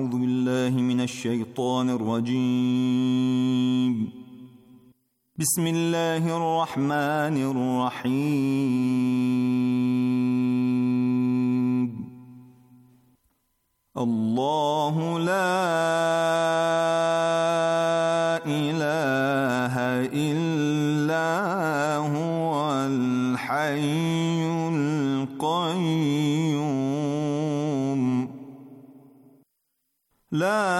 أعوذ بالله من الشيطان الرجيم بسم الله الرحمن الرحيم الله لا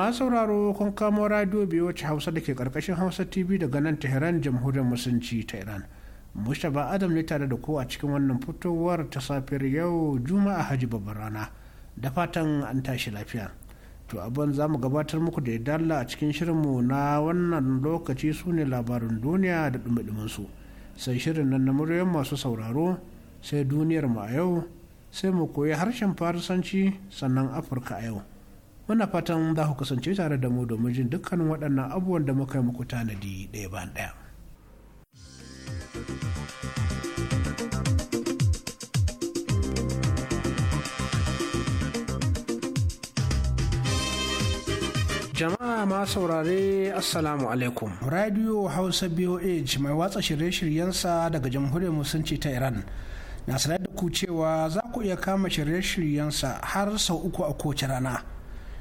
masu sauraro kun kamo radio biyu wacce hausa da ke karkashin hausa tv daga nan tehran jamhuriyar musulunci ta iran mustapha adam ne tare da ko a cikin wannan fitowar ta safiyar yau juma'a hajji babbar rana da fatan an tashi lafiya to abin za mu gabatar muku da dala a cikin shirinmu na wannan lokaci su ne labarin duniya da dumi su sai shirin nan na muryoyin masu sauraro sai duniyar mu a yau sai mu koyi harshen farisanci sannan afirka a yau muna fatan za ku kasance tare da mu domin jin dukkanin waɗannan abubuwan da muka yi muku tanadi ɗaya bayan ɗaya. jama'a ma saurare assalamu alaikum radio hausa boh mai watsa shirye-shiryensa daga jamhuriyar musulunci ta iran na sanar da ku cewa za ku iya kama shirye-shiryensa har sau uku a kowace rana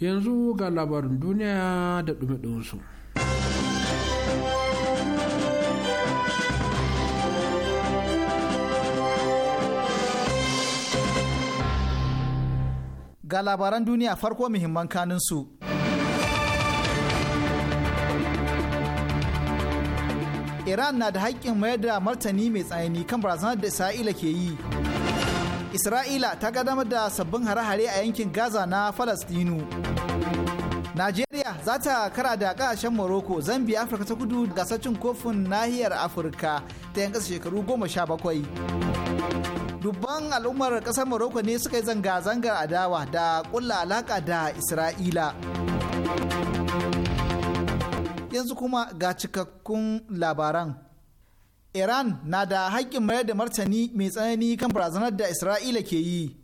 yanzu ga labarin duniya da ɗumi-ɗuminsu. ga labaran duniya farko muhimman kanin su. Iran na da haƙƙin mayar da martani mai tsanani kan barazanar da Isra'ila ke yi. Isra'ila ta gadamar da sabbin hare-hare a yankin Gaza na Falastinu. Najeriya za ta kara da kasashen Morocco, Zambia, Afirka ta kudu gasar cin kofin nahiyar Afirka ta yan ƙasa shekaru goma sha bakwai. Dubban al'ummar ƙasar Morocco ne suka yi zanga-zangar adawa da ƙulla alaƙa da Isra'ila. Yanzu kuma ga cikakkun labaran. iran na da haƙƙin mayar da martani mai tsanani kan barazanar da isra'ila ke yi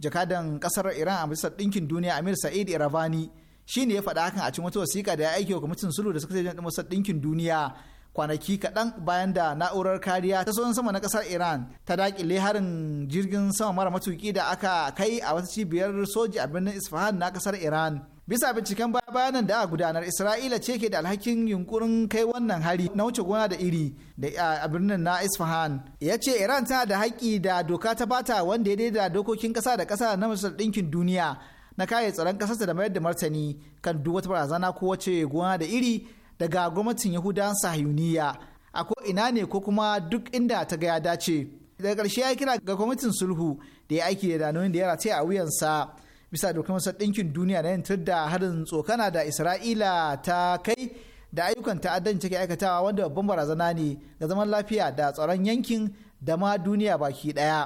jakadan ƙasar iran a majalisar ɗinkin duniya amir sa'id iravani shi ne ya faɗa hakan a cikin wata wasiƙa da ya aiki wa kwamitin sulhu da sakataren majalisar ɗinkin duniya kwanaki kaɗan bayan da na'urar kariya ta sojan sama na ƙasar iran ta daƙile harin jirgin sama mara matuƙi da aka kai a wata cibiyar soji a birnin isfahan na ƙasar iran bisa binciken bayanan da aka gudanar isra'ila ce ke da alhakin yunkurin kai wannan hari na wuce gona da iri da a birnin na isfahan ya ce iran tana da haƙƙi da doka ta bata wanda ya daida dokokin ƙasa da ƙasa na majalisar ɗinkin duniya na kare tsaron ƙasarsa da mayar da martani kan duk wata barazana ko wace gona da iri daga gwamnatin yahudan sahiyuniya a ko ina ne ko kuma duk inda ta ga ya dace daga ƙarshe ya kira ga kwamitin sulhu da ya aiki da danonin da ya rataya a wuyansa bisa dokar masar ɗinkin duniya na yantar da harin tsokana da isra'ila ta kai da ayyukan ta'addanci ke aikatawa wanda babban barazana ne ga zaman lafiya da tsaron yankin da ma duniya baki ɗaya.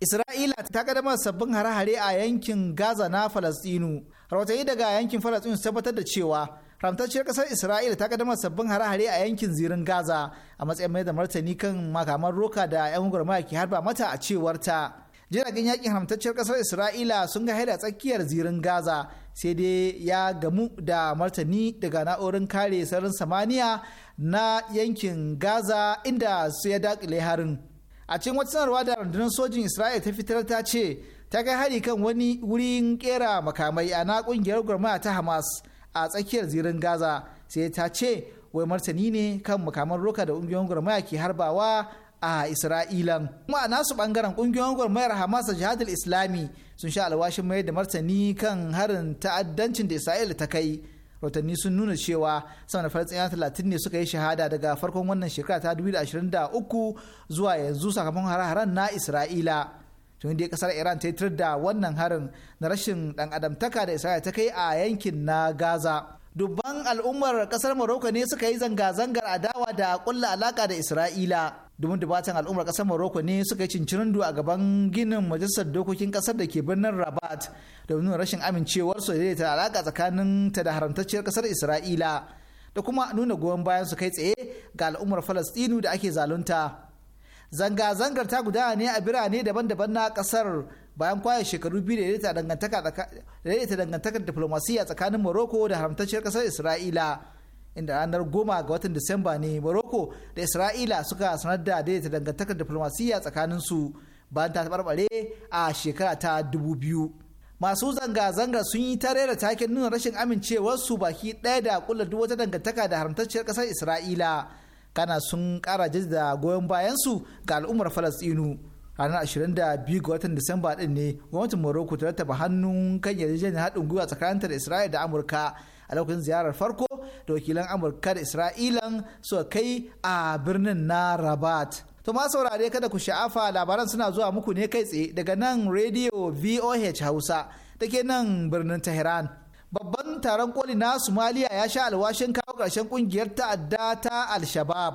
isra'ila ta kaddamar sabbin hare-hare a yankin gaza na falastinu rahotanni daga yankin falastinu su tabbatar da cewa ramtacciyar kasar isra'ila ta kaddamar sabbin hare-hare a yankin zirin gaza a matsayin mai da martani kan makaman roka da 'yan gwamnati ke harba mata a cewar ta jiragen yakin haramtacciyar kasar isra'ila sun ga haida tsakiyar zirin gaza sai dai ya gamu da martani daga na'urin kare sararin samaniya na yankin gaza inda su ya dakile harin a cikin wata sanarwa da rundunar sojin isra'ila ta fitar ta ce ta kai hari kan wani wurin kera makamai a na kungiyar gwamnati ta hamas a tsakiyar zirin gaza sai ta ce wai martani ne kan makaman roka da ƙungiyoyin gwamnati ke harbawa a isra'ilan kuma a nasu bangaren kungiyoyin gwamnatin hamas da jihadul islami sun sha alwashin mayar da martani kan harin ta'addancin da isra'ila ta kai rotanni sun nuna cewa sama da falasɗiniya talatin ne suka yi shahada daga farkon wannan shekara ta 2023 zuwa yanzu sakamakon hare-haren na isra'ila tun da kasar iran ta yi da wannan harin na rashin dan adamtaka da isra'ila ta kai a yankin na gaza dubban al'ummar kasar morocco ne suka yi zanga-zangar adawa da kulla alaka da isra'ila domin dubatan al'ummar kasar Morocco ne suka yi cincirindu a gaban ginin majalisar dokokin kasar da ke birnin Rabat nuna rashin amincewar su da ta alaka tsakanin ta da haramtacciyar kasar Isra'ila da kuma nuna goyon bayan su kai tsaye ga al'ummar Falastinu da ake zalunta. Zanga-zangar ta gudana ne a birane daban-daban na kasar bayan kwaya shekaru biyu da daidaita dangantakar diplomasiya tsakanin Morocco da haramtacciyar kasar Isra'ila. inda ranar goma ga watan disamba ne morocco da isra'ila suka sanar da daidaita dangantakar diflomasiyya tsakanin su bayan ta tabarbare a shekara ta 2000. masu zanga zanga sun yi tare da taken nuna rashin amincewarsu baki ɗaya da kula duk wata dangantaka da haramtacciyar ƙasar isra'ila kana sun ƙara da goyon bayansu ga al'ummar falastinu ranar 22 ga watan disamba ɗin ne gwamnatin morocco ta rattaba hannun kan yarjejeniyar haɗin gwiwa tsakanin da isra'ila da amurka a lokacin ziyarar farko da wakilan amurka da isra'ilan suka kai a birnin na rabat to ma saurare kada ku sha'afa labaran suna zuwa muku ne kai tsaye daga nan radio voh hausa da ke nan birnin tehran babban taron koli na somalia ya sha alwashin kawo ƙarshen kungiyar ta'adda ta al-shabab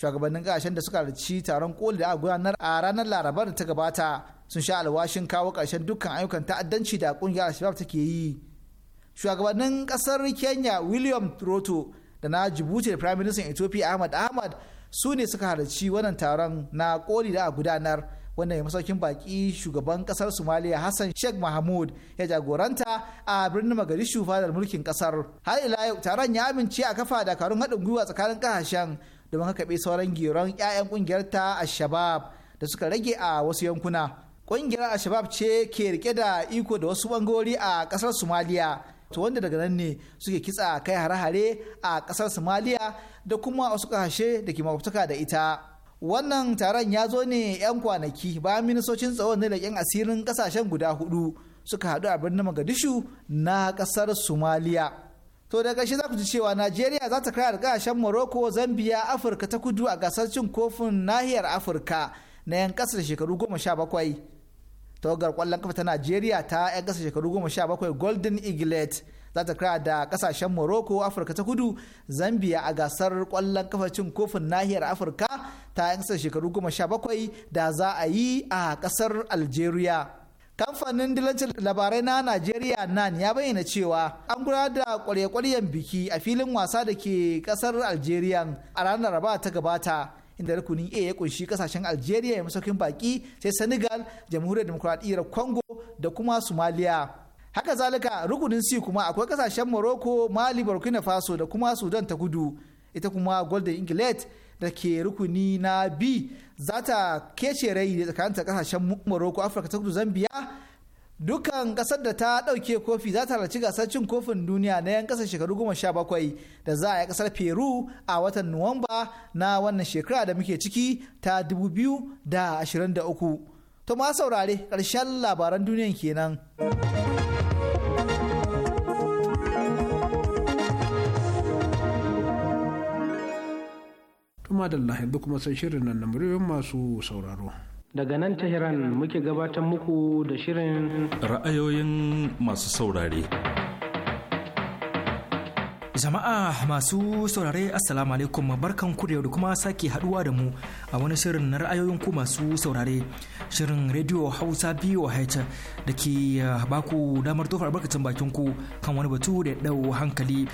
shugabannin ƙasashen da suka halarci taron koli da aka gudanar a ranar larabar da ta gabata sun sha alwashin kawo ƙarshen dukkan ayyukan ta'addanci da kungiyar al-shabab take yi shugabannin kasar kenya william ruto da na jibuti da prime minister ethiopia ahmad ahmad su ne suka halarci wannan taron na koli da a gudanar wanda mai masaukin baki shugaban kasar somalia hassan sheikh mahmud ya jagoranta a birnin magadishu fadar mulkin kasar har ila yau taron ya amince a kafa dakarun haɗin gwiwa tsakanin kasashen domin haka sauran geron 'ya'yan kungiyar ta shabab da suka rage a wasu yankuna kungiyar shabab ce ke rike da iko da wasu bangori a kasar somaliya to wanda daga nan ne suke kitsa kai hare-hare a kasar somaliya da kuma wasu kasashe da ke makwabtaka da ita wannan taron ya zo ne 'yan kwanaki bayan ministocin tsaron na yan asirin kasashen guda hudu suka haɗu a birnin magadishu na kasar somaliya to da ƙarshe za ku ji cewa najeriya za ta kara kasashen morocco zambia afirka ta kudu a gasar cin kofin nahiyar afirka na 'yan da shekaru goma sha bakwai tawagar kwallon kafa ta najeriya ta 'yan ƙasa shekaru 17 golden eaglet za ta kira da kasashen morocco afirka ta kudu zambia a gasar kwallon kafa cin kofin nahiyar afirka ta 'yan ƙasa shekaru sha bakwai da za a yi a ƙasar algeria kamfanin dilancin labarai na najeriya nan ya bayyana cewa an gudanar da kwarye-kwaryen biki a filin wasa da ke kasar algeria a ranar raba ta gabata inda rukunin A ya kunshi kasashen Algeria ya masaukin baki sai Senegal, Jamhuriyar Demokuraɗiyyar Congo da kuma Somalia. Haka zalika rukunin C kuma akwai kasashen Morocco, Mali, Burkina Faso da kuma Sudan ta Kudu. Ita kuma Golden Inglet da ke rukuni na B za ta kece rai tsakanin kasashen Morocco, Afirka ta Kudu, Zambia dukan kasar da ta dauke kofi za ta halarci gasar cin kofin duniya na yan kasar shekaru goma sha bakwai da za a yi kasar peru a watan nuwamba na wannan shekara da muke ciki ta 2023 to ma saurare karshen labaran duniyan kenan kuma da yanzu kuma sai shirin nan na masu sauraro Daga nan Tehran muke gabatar muku da shirin ra'ayoyin masu saurare. Jama'a masu saurare Assalamu alaikum barkan ku da yau da kuma sake haduwa da mu a wani shirin na ra'ayoyin ku masu saurare shirin Radio Hausa haita da ke baku damar tofar barkacin bakin ku kan wani batu da ya hankali.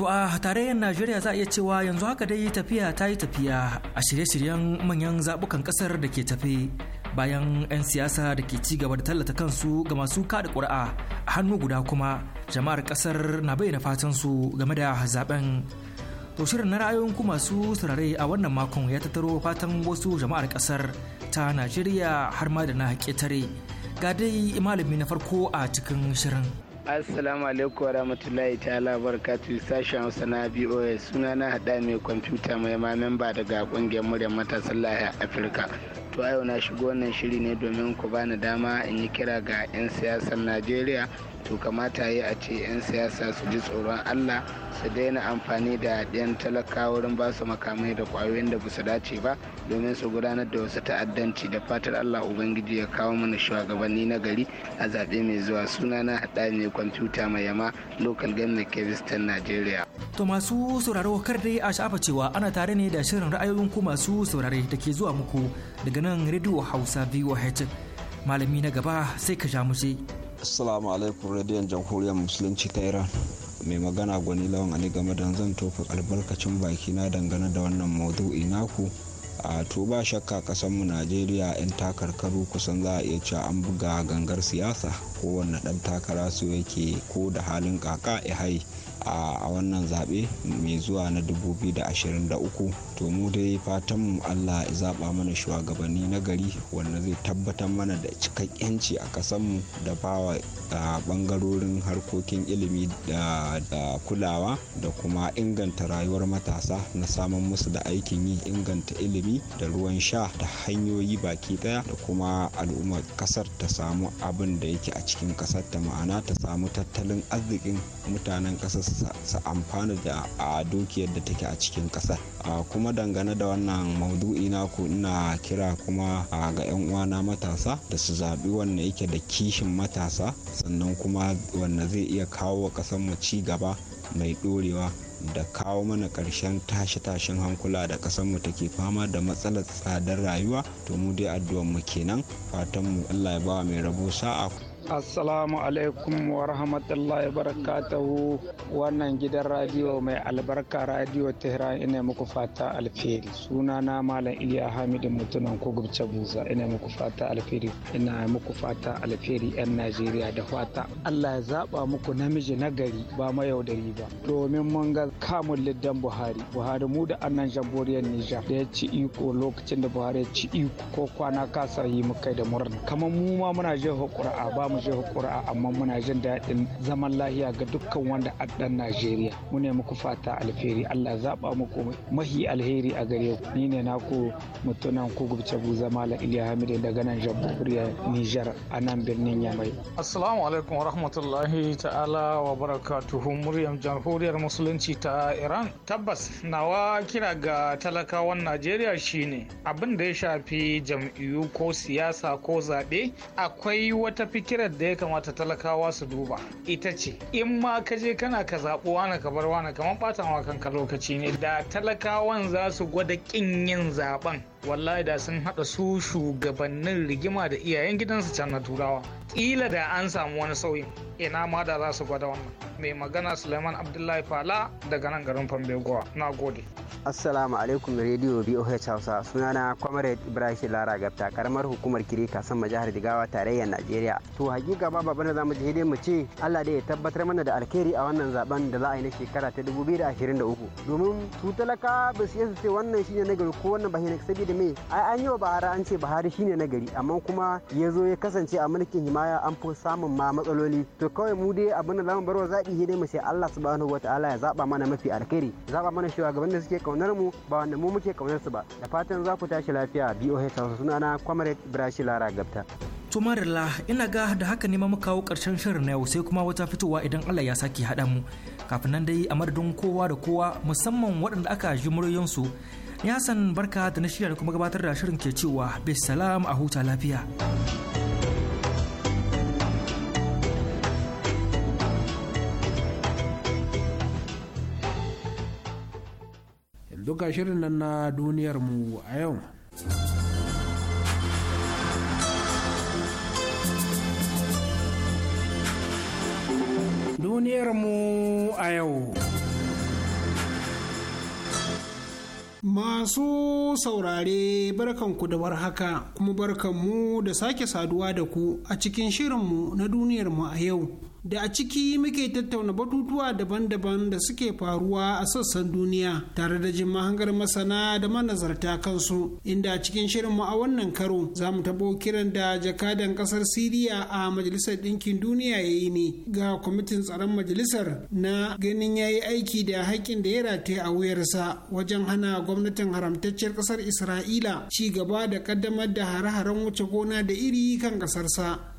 To a tarayyar Najeriya za a iya cewa yanzu haka dai tafiya ta yi tafiya a shirye-shiryen manyan zabukan kasar da ke tafe bayan 'yan siyasa da ke ci gaba da tallata kansu ga masu kada ƙuri'a a hannu guda kuma jama'ar kasar na bayyana fatan su game da zaben. To shirin na ra'ayoyin ku masu sarare a wannan makon ya tattaro fatan wasu jama'ar kasar ta Najeriya har ma da na ƙetare. Ga dai malami na farko a cikin shirin. Assalamu alaikum rahmatullahi ta'ala barakatuhu sashen Hausa na BOA suna na hada mai kwamfuta mai ma memba daga kungiyar muryar matasan lahiya Afirka. To yau na shigo wannan shiri ne domin ku bani dama in yi kira ga 'yan siyasar Najeriya to kamata yi a ce 'yan siyasa su ji tsoron allah su daina amfani da yan talaka wurin ba su makamai da kwayoyin da basu dace ba domin su gudanar da wasu ta'addanci da fatar allah ubangiji ya kawo mana shugabanni na gari a zaɓe mai zuwa suna na haɗa mai kwamfuta mai yama local gamna kevistan nigeria to masu sauraro kar dai a sha'afa cewa ana tare ne da shirin ra'ayoyin ku masu saurare da ke zuwa muku daga nan rediyo hausa voh malami na gaba sai ka ja mu assalamu alaikum radiyon jamhuriyar musulunci ta iran mai magana gwani lawan ani game da zan tofa albarkacin baki na dangane da wannan maudu'i naku a to ba shakka mu najeriya 'yan takarkaru kusan za a iya cewa an buga gangar siyasa kowanne ɗan takara su yake ko da halin kaka ya hai a wannan zaɓe mai zuwa na 2023 to mu dai mu allah zaɓa mana shugabanni na gari wanda zai tabbatar mana da cikakkenci a a ƙasarmu da bawa a bangarorin harkokin ilimi da kulawa da kuma inganta rayuwar matasa na samun musu da aikin yi inganta ilimi da ruwan sha da hanyoyi baki daya da kuma al'ummar kasar ta samu abin da yake a cikin kasar ta ma'ana ta samu tattalin arzikin mutanen kasar su amfana da a dukiyar da take a cikin kasar kuma dangane da wannan maudu'i ku ina kira kuma ga 'yan uwana matasa da su zaɓi wanda yake da kishin matasa sannan kuma wanda zai iya kawo wa mu ci gaba mai dorewa da kawo mana karshen tashe-tashen hankula da mu take fama da matsalar tsadar rayuwa to mu dai addu'ar mu kenan fatanmu mu Allah ya ba mai rabo sa'a Assalamu alaikum wa rahmatullahi barakatahu wannan gidan radiyo mai albarka radiyo Tehran ina muku fata alfiri suna na Malam Iliya Hamidin mutunan Kogubce Buza ina muku fata alferi ina muku fata alfiri yan Najeriya da fata Allah ya zaba muku namiji nagari ba mayaudari ba domin mun ga kamun liddan Buhari Buhari mu da annan jamhuriyar Nijar da ya ci iko lokacin da Buhari ya ci iko ko kwana kasar yi mu kai da murna kamar mu ma muna jefa ƙura'a ba mu jihar ƙura amma muna jin daɗin zaman lahiya ga dukkan wanda a ɗan Najeriya. Mu ne muku fata alheri Allah zaɓa muku mahi alheri a gare ku. Ni ne naku mutunan ku gubce zama la Iliya Hamidu daga nan jamhuriyar Nijar a nan birnin Yamai. Assalamu alaikum wa rahmatullahi ta'ala wa barakatuhu muryar jamhuriyar musulunci ta Iran. Tabbas nawa kira ga talakawan Najeriya shine abin da ya shafi jam'iyyu ko siyasa ko zaɓe akwai wata fikira hirar da ya kamata talakawa su duba ita ce in ma ka je kana ka zaɓo wani ka bar wani kamar ɓata wa kanka lokaci ne da talakawan za su gwada ƙin yin zaɓen wallahi da sun haɗa su shugabannin rigima da iyayen gidansu can na turawa ƙila da an samu wani sauyin ina ma da za su gwada wannan mai magana suleiman abdullahi fala daga nan garin fambegowa na gode assalamu alaikum radio boh hausa sunana kwamare ibrahim lara gabta karamar hukumar kiri kasan jihar jigawa tarayyar najeriya to hakika ba babban da zamu ji mu ce allah da ya tabbatar mana da alkhairi a wannan zaben da za a yi na shekara ta da uku, domin su talaka ba su yasa wannan shine na gari ko wannan ba shine da ai an yi wa bahari an ce bahari shine na gari amma kuma ya zo ya kasance a mulkin himaya an fi samun ma matsaloli to kawai mu dai abin da zamu barwa zaɓi ne mu sai Allah subhanahu wataala ya zaba mana mafi alkhairi zaba mana shugaban da suke kaunar mu ba wanda mu muke kaunar su ba da fatan za ku tashi lafiya BOH Hausa suna Comrade Ibrahim Lara Gabta To Marilla, ina ga da haka ne ma mu kawo karshen shirin na yau sai kuma wata fitowa idan Allah ya saki haɗa mu. Kafin nan dai a madadin kowa da kowa musamman waɗanda aka ji muryoyinsu ya san barka da na shirya da kuma gabatar da shirin ke cewa salam a huta lafiya. duka shirin nan na mu a yau. duniyarmu a yau. Masu saurare barkanku da haka kuma barkanmu da sake saduwa da ku a cikin shirinmu na duniyarmu a yau. da a ciki muke tattauna batutuwa daban-daban da suke faruwa a sassan duniya tare da jin mahangar masana da manazarta kansu inda a cikin mu a wannan karo za mu tabo kiran da jakadan kasar siriya a majalisar ɗinkin duniya ya yi ne ga kwamitin tsaron majalisar na ganin ya yi aiki da haƙƙin da ya rataye a wuyarsa wajen hana gwamnatin haramtacciyar kasar isra'ila ci gaba da ƙaddamar da hare-haren wuce gona da iri kan ƙasarsa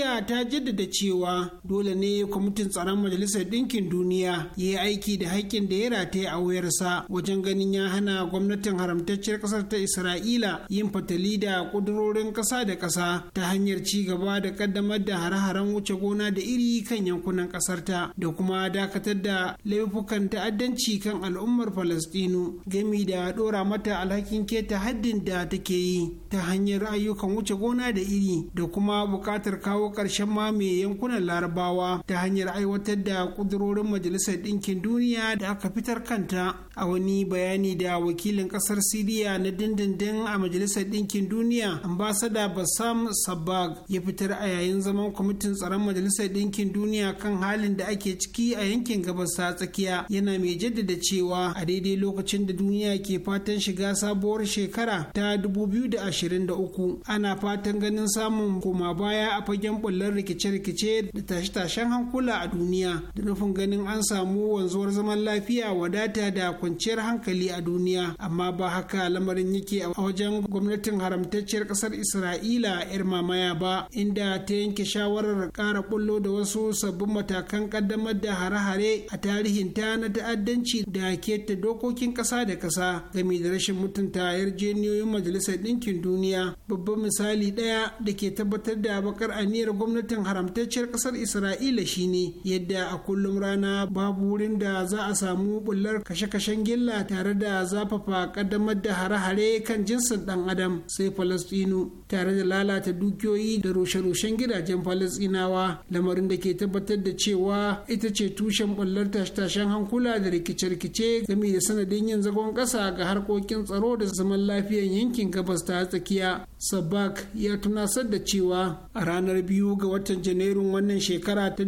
Turkiyya ta jaddada cewa dole ne kwamitin tsaron Majalisar Ɗinkin Duniya ya yi aiki da haƙƙin da ya rataye a wuyarsa wajen ganin ya hana gwamnatin haramtacciyar ƙasar ta Isra'ila yin fatali da ƙudurorin ƙasa da ƙasa ta hanyar ci gaba da ƙaddamar da hare-haren wuce gona da iri kan yankunan ƙasar ta da kuma dakatar da laifukan ta'addanci kan al'ummar Falastinu gami da ɗora mata alhakin keta haddin da take yi ta hanyar ayyukan wuce gona da iri da kuma buƙatar kawo karshen ƙarshen mame yankunan larabawa ta hanyar aiwatar da ƙudurorin majalisar ɗinkin duniya da aka fitar kanta a wani bayani da wakilin kasar siriya na dindindin a majalisar ɗinkin duniya ambasada bassam sabag ya fitar a yayin zaman kwamitin tsaron majalisar ɗinkin duniya kan halin da ake ciki a yankin gabas ta tsakiya yana mai jaddada cewa a daidai lokacin da duniya ke fatan shiga sabuwar shekara ta da uku. ana fatan ganin samun koma baya a fagen bullar rikice-rikice da tashe-tashen hankula a duniya da nufin ganin an samu wanzuwar zaman lafiya wadata da kwanciyar hankali a duniya amma ba haka lamarin yake a wajen gwamnatin haramtacciyar kasar isra'ila yar mamaya ba inda ta yanke shawarar kara bullo da wasu sabbin matakan kaddamar da hare-hare a tarihin ta na ta'addanci da keta dokokin kasa da kasa game da rashin mutunta yarjejeniyoyin majalisar ɗinkin duniya babban misali ɗaya da ke tabbatar da bakar aniyar gwamnatin haramtacciyar kasar isra'ila shine yadda a kullum rana babu wurin da za a samu bullar kashe-kashe kashe gilla tare da zafafa kaddamar da hare-hare kan jinsin ɗan adam sai falasɗinu tare da lalata dukiyoyi da rushe-rushen gidajen falasɗinawa lamarin da ke tabbatar da cewa ita ce tushen ɓullar tashe-tashen hankula da rikice-rikice game da sanadin yin zagon ƙasa ga harkokin tsaro da zaman lafiyan yankin gabas ta tsakiya sabak ya tunasar da cewa a ranar biyu ga watan janairun wannan shekara ta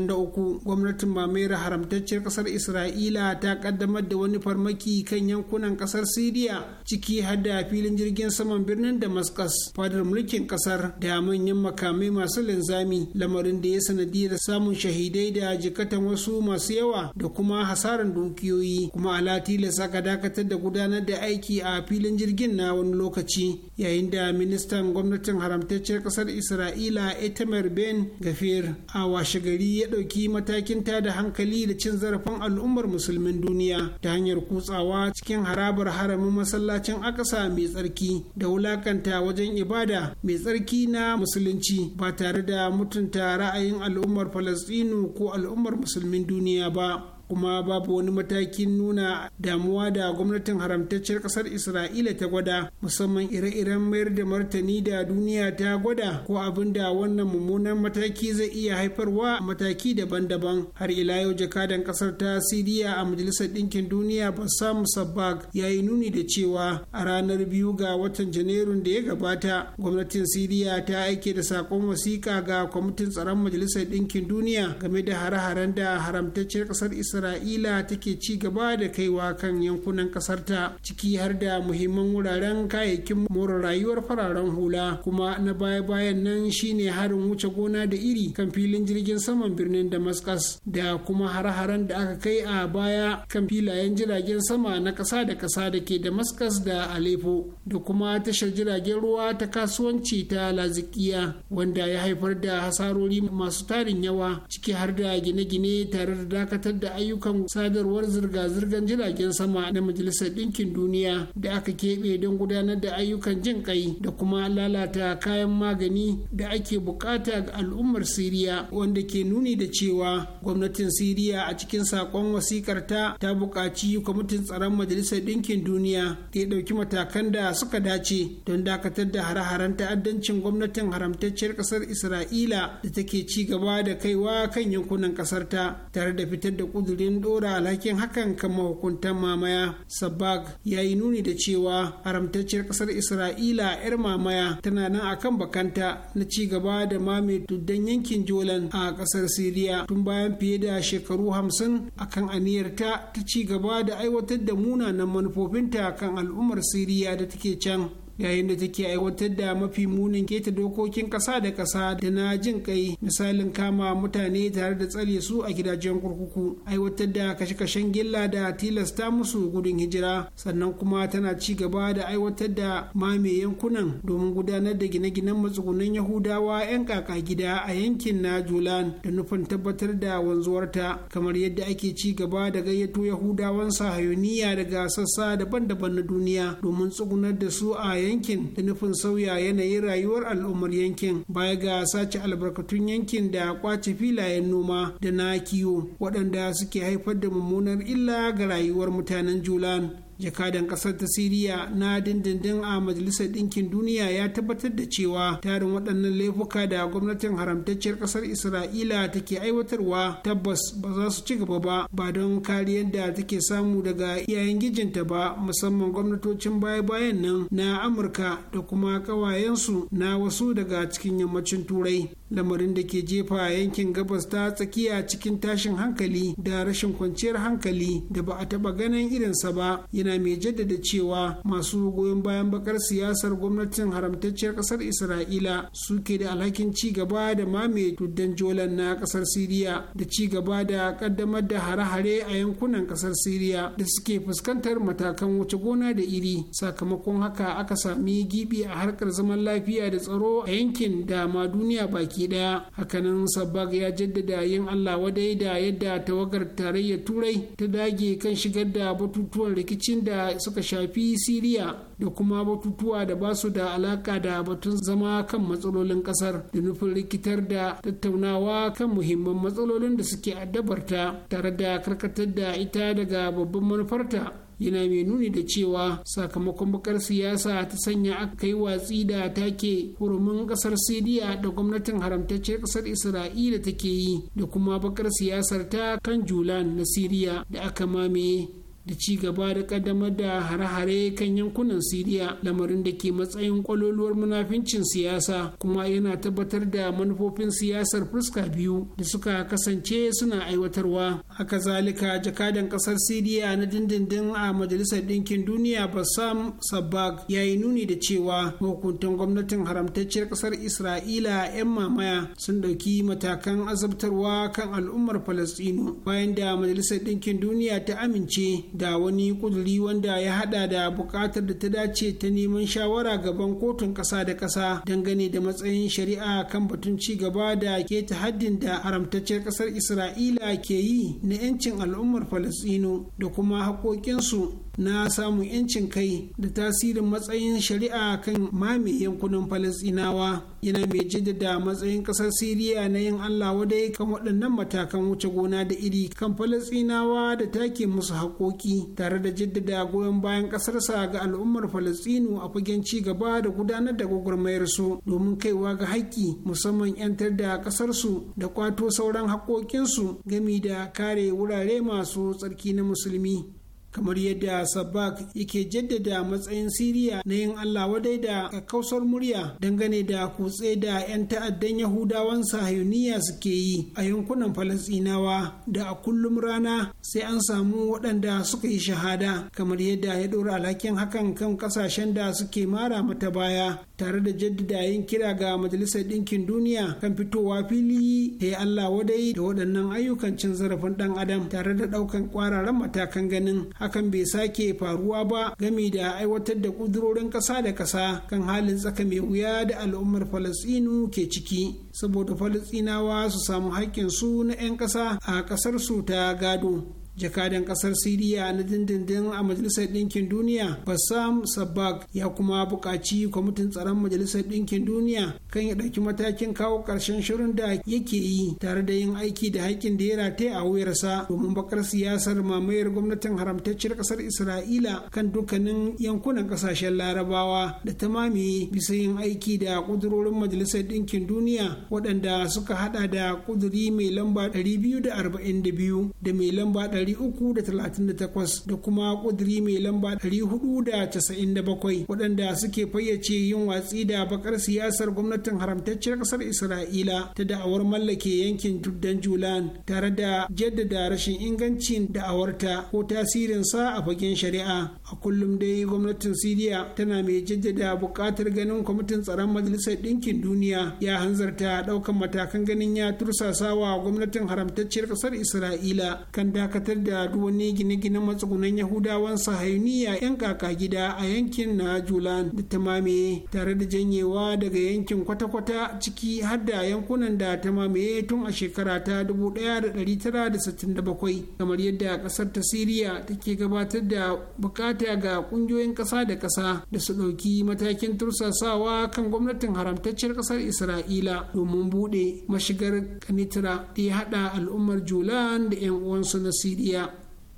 da uku gwamnatin mamayar haramtacciyar ƙasar isra'ila ta kaddamar da wani farmaki kan yankunan kasar siriya ciki har da filin jirgin saman birnin damascus fadar mulkin kasar da manyan makamai masu linzami lamarin da ya sanadiyar samun shahidai da jikatan wasu masu yawa da kuma hasaran dukiyoyi kuma alatila saka dakatar da gudanar da aiki a filin jirgin na wani lokaci yayin da ministan gwamnatin haramtacciyar kasar isra'ila itamar ben gafir a washe gari ya ɗauki matakin da hankali da cin zarafin al'ummar musulmin duniya duniya ta hanyar kutsawa cikin harabar haramin masallacin akasa mai tsarki da wulakanta wajen ibada mai tsarki na musulunci ba tare da mutunta ra'ayin al'ummar falastinu ko al'ummar musulmin duniya ba kuma babu wani matakin nuna damuwa da gwamnatin haramtacciyar kasar isra'ila ta gwada musamman ire-iren mayar da martani da duniya ta gwada ko abin da wannan mummunan mataki zai iya haifarwa a mataki daban-daban har ila yau jakadan kasar ta siriya a majalisar ɗinkin duniya bassam sabbag ya yi nuni da cewa a ranar biyu ga watan janairun da ya gabata gwamnatin siriya ta aike da sakon wasiƙa ga kwamitin tsaron majalisar ɗinkin duniya game da hare-haren da haramtacciyar ƙasar isra'ila isra'ila take ci gaba da kaiwa kan yankunan ƙasarta ciki har da muhimman wuraren kayayyakin more rayuwar fararen hula kuma na baya-bayan nan shine harin wuce gona da iri kan filin jirgin saman birnin damascus da kuma har-haren da aka kai a baya kan filayen jiragen sama na ƙasa da ƙasa da ke damascus da aleppo da kuma tashar jiragen ruwa ta kasuwanci ta lazikiya wanda ya haifar da hasarori masu tarin yawa ciki har da gine-gine tare da dakatar da ayyuka ayyukan sadarwar zirga-zirgar jiragen sama na majalisar ɗinkin duniya da aka keɓe don gudanar da ayyukan jin kai da kuma lalata kayan magani da ake bukata ga al'ummar siriya wanda ke nuni da cewa gwamnatin siriya a cikin saƙon wasikarta ta buƙaci kwamitin tsaron majalisar ɗinkin duniya da ya ɗauki matakan da suka dace don dakatar da hare-haren ta'addancin gwamnatin haramtacciyar ƙasar isra'ila da take ci gaba da kaiwa kan yankunan ƙasarta tare da fitar da ƙudurin ƙudurin ɗora alhakin hakan kan mahukuntan mamaya sabag ya yi nuni da cewa haramtacciyar ƙasar isra'ila 'yar mamaya tana nan akan bakanta na ci gaba da mame tuddan yankin jolan a ƙasar siriya tun bayan fiye da shekaru hamsin akan aniyarta ta ci gaba da aiwatar da munanan manufofinta kan al'ummar siriya da take can yayin da take aiwatar da mafi munin keta dokokin kasa da kasa da na jin kai misalin kama mutane tare da tsare su a gidajen kurkuku aiwatar da kashe-kashen gilla da tilasta musu gudun hijira sannan kuma tana ci gaba da aiwatar da mame yankunan domin gudanar da gine-ginen matsugunan yahudawa 'yan kaka gida a yankin na julan da nufin tabbatar da wanzuwarta kamar yadda ake ci gaba da gayyato yahudawan sahayoniya daga sassa daban-daban na duniya domin tsugunar da su a yankin da nufin sauya yanayin rayuwar al'ummar yankin baya ga sace albarkatun yankin da kwace filayen noma da na kiwo waɗanda suke haifar da mummunar illa ga rayuwar mutanen julan jakadan kasar ta siriya na dindindin a majalisar ɗinkin duniya ya tabbatar da cewa tarin waɗannan laifuka da gwamnatin haramtacciyar ƙasar isra'ila take aiwatarwa tabbas ba za su ci gaba ba ba don kariyar da take samu daga iyayen gijinta ba musamman gwamnatocin baya-bayan nan na amurka da kuma ƙawayensu na wasu daga cikin yammacin turai lamarin da ke jefa yankin gabas ta tsakiya cikin tashin hankali da rashin kwanciyar hankali da ba a taɓa ganin irinsa ba yana na mai jaddada cewa masu goyon bayan bakar siyasar gwamnatin haramtacciyar kasar isra'ila suke da alhakin ci gaba da mame tuddan jolan na kasar siriya da ci gaba da kaddamar da hare-hare a yankunan kasar siriya da suke fuskantar matakan wuce gona da iri sakamakon haka aka sami gibi a harkar zaman lafiya da tsaro a yankin da ma duniya baki daya hakanan sabbag ya jaddada yin allah wadai da yadda tawagar tarayyar turai ta dage kan shigar da batutuwan rikicin da suka shafi siriya da kuma batutuwa da ba su da alaka da batun zama kan matsalolin kasar da nufin rikitar da tattaunawa kan muhimman matsalolin da suke addabarta tare da karkatar da ita daga babban manufarta yana mai nuni da cewa sakamakon bakar siyasa ta sanya aka kai watsi da take hurumin kasar siriya da gwamnatin haramtacciyar kasar isra'ila take yi da kuma bakar siyasar ta kan julan na siriya da aka mamaye da ci gaba da kaddamar da hare-hare kan yankunan siriya lamarin da ke matsayin kwaloluwar munafincin siyasa kuma yana tabbatar da manufofin siyasar fuska biyu da suka kasance suna aiwatarwa haka zalika jakadan kasar siriya na dindindin a majalisar ɗinkin duniya bassam sabbag ya yi nuni da cewa hukuntan gwamnatin haramtacciyar kasar isra'ila 'yan mamaya sun ɗauki matakan azabtarwa kan al'ummar falastinu bayan da majalisar ɗinkin duniya ta amince da wani ƙuduri wanda ya haɗa da buƙatar da ta dace ta neman shawara gaban kotun ƙasa da kasa dangane da matsayin shari'a kan batun ci gaba da ke ta haddin da haramtaccen ƙasar isra'ila ke yi na 'yancin al'ummar falasino da kuma haƙoƙinsu na samun 'yancin kai da tasirin matsayin shari'a kan mame yankunan falasinawa yana mai jaddada matsayin kasar siriya na yin allah wadai kan waɗannan matakan wuce gona da iri kan falasinawa da take musu haƙoƙi tare da jaddada goyon bayan ƙasarsa ga al'ummar falasinu a fagen ci gaba da gudanar da gwagwarmayar su domin kaiwa ga haƙƙi musamman 'yantar da ƙasarsu da kwato sauran haƙoƙinsu gami da kare wurare masu tsarki na musulmi kamar yadda sabak yake jaddada matsayin siriya na yin allah wadai da kakkausar murya dangane da kutse da 'yan ta'addan yahudawan sahayuniya suke yi a yankunan falasinawa da a kullum rana sai an samu waɗanda suka yi shahada kamar yadda ya ɗora alhakin hakan kan ƙasashen da suke mara mata baya tare da jaddada yin kira ga majalisar ɗinkin duniya kan fitowa fili ta yi allah wadai da waɗannan ayyukan cin zarafin ɗan adam tare da ɗaukan ƙwararren matakan ganin hakan bai sake faruwa ba gami da aiwatar da kudurorin ƙasa da ƙasa kan halin tsaka mai wuya da al'ummar falastinu ke ciki saboda falasɗinawa su samu haƙƙinsu na 'yan ƙasa a ƙasarsu ta gado jakadan kasar siriya na dindindin a majalisar ɗinkin duniya bassam sabbak ya kuma buƙaci kwamitin tsaron majalisar ɗinkin duniya kan ya ɗauki matakin kawo ƙarshen shirin da yake yi tare da yin aiki da haƙƙin da ya rataye a wuyarsa domin bakar siyasar mamayar gwamnatin haramtacciyar ƙasar isra'ila kan dukkanin yankunan ƙasashen larabawa da ta mamaye bisa yin aiki da ƙudurorin majalisar ɗinkin duniya waɗanda suka haɗa da ƙuduri mai lamba 242 da mai lamba 338 da kuma ƙudiri mai lamba 497 waɗanda suke fayyace yin watsi da bakar siyasar gwamnatin haramtacciyar ƙasar Isra'ila ta da'awar mallake yankin Tuddan Julan tare da jaddada rashin ingancin da'awarta ko tasirin sa a fagen shari'a. A kullum dai gwamnatin Siriya tana mai jaddada buƙatar ganin kwamitin tsaron Majalisar Ɗinkin Duniya ya hanzarta ɗaukan matakan ganin ya tursasawa gwamnatin haramtacciyar ƙasar Isra'ila kan dakatar dakatar da wani gine gine matsugunan yahudawan sahayuniya 'yan kaka gida a yankin na julan da ta mamaye tare da janyewa daga yankin kwata-kwata ciki har da yankunan da ta mamaye tun a shekara ta 1967 kamar yadda kasar ta siriya take gabatar da bukata ga kungiyoyin kasa da kasa da su dauki matakin tursasawa kan gwamnatin haramtacciyar kasar isra'ila domin bude mashigar kanitra da ya haɗa al'ummar julan da 'yan uwansu na siriya bidiya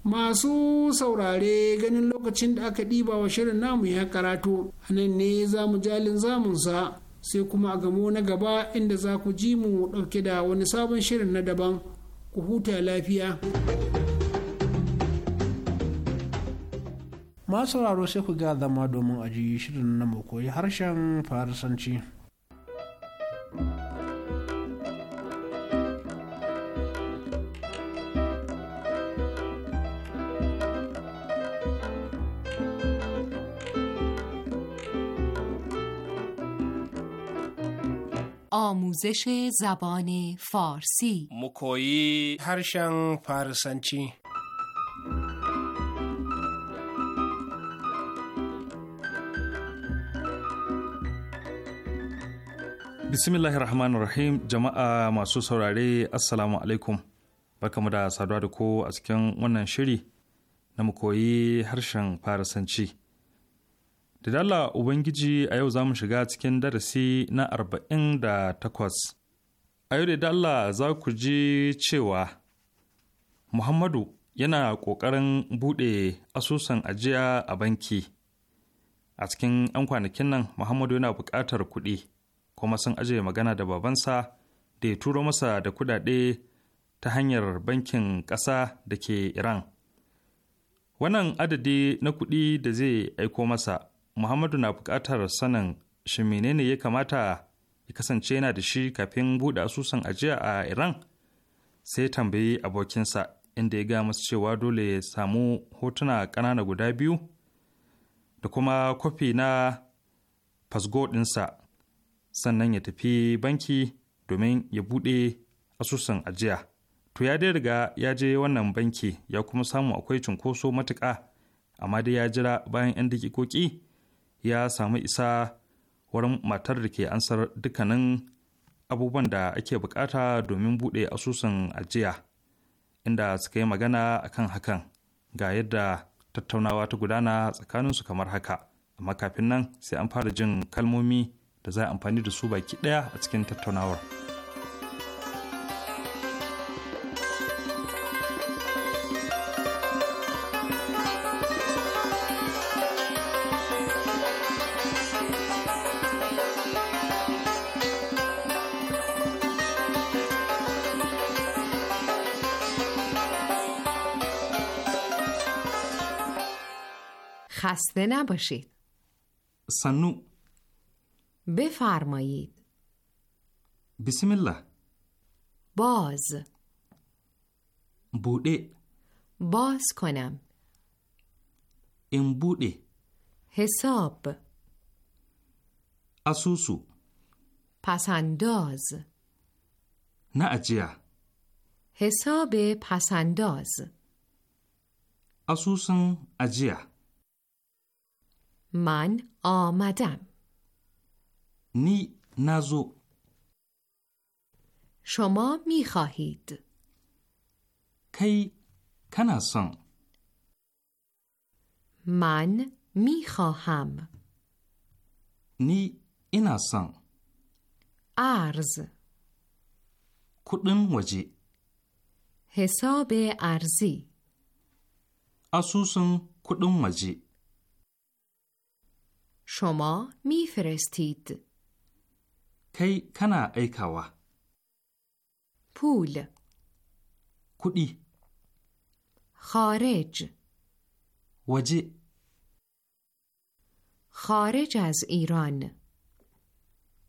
masu saurare ganin lokacin da aka ɗiba wa shirin namu ya karatu a nan ne za mu jalin zamunsa sai kuma a gamo na gaba inda za ku ji mu ɗauke da wani sabon shirin na daban ku huta lafiya masu sauraro sai ku ga zama domin ajiye shirin na koyi harshen farisanci. آموزش زبان فارسی مکویی هرشن فارسنچی bismillahi rahmanir rahim jama'a masu saurare assalamu alaikum barkamu da saduwa da ko a cikin wannan shiri na mu koyi harshen farasanci Da dala Ubangiji a yau za mu shiga cikin darasi na arba'in da takwas. A yau da dala za ku ji cewa Muhammadu yana ƙoƙarin buɗe asusun ajiya a banki. A cikin 'yan kwanakin nan Muhammadu yana buƙatar kuɗi, kuma sun ajiye magana da babansa da ya turo masa da kuɗaɗe ta hanyar bankin ƙasa da ke Iran. Wannan adadi na kuɗi da zai aiko masa muhammadu na buƙatar sanin shi menene ya kamata ya kasance yana da shi kafin buɗe asusun ajiya a iran sai tambayi abokinsa inda ya ga masu cewa dole ya samu hotuna ƙanana guda biyu da kuma kwafi na fasgo ɗinsa sannan ya tafi banki domin ya buɗe asusun ajiya to ya dai riga ya je wannan banki ya kuma samu akwai cunkoso matuƙa amma dai ya jira bayan 'yan dakikoki ya samu isa wurin matar da ke ansar dukkanin abubuwan da ake bukata domin bude asusun ajiya inda suka yi magana akan hakan ga yadda tattaunawa ta gudana tsakaninsu kamar haka amma kafin nan sai an fara jin kalmomi da za a amfani da su baki ɗaya a cikin tattaunawar. خسته نباشید سنو بفرمایید بسم الله باز بوده باز کنم این بوده حساب اسوسو پسنداز نه اجیا حساب پسنداز اسوسن اجیا من آمدم نی نزو شما می خواهید کی کناسان من می خواهم نی ایناسان ارز کدن وجی حساب ارزی اسوسن کدن وجی شما میفرستید کی کنا ایکاوا پول کودی خارج وجه خارج از ایران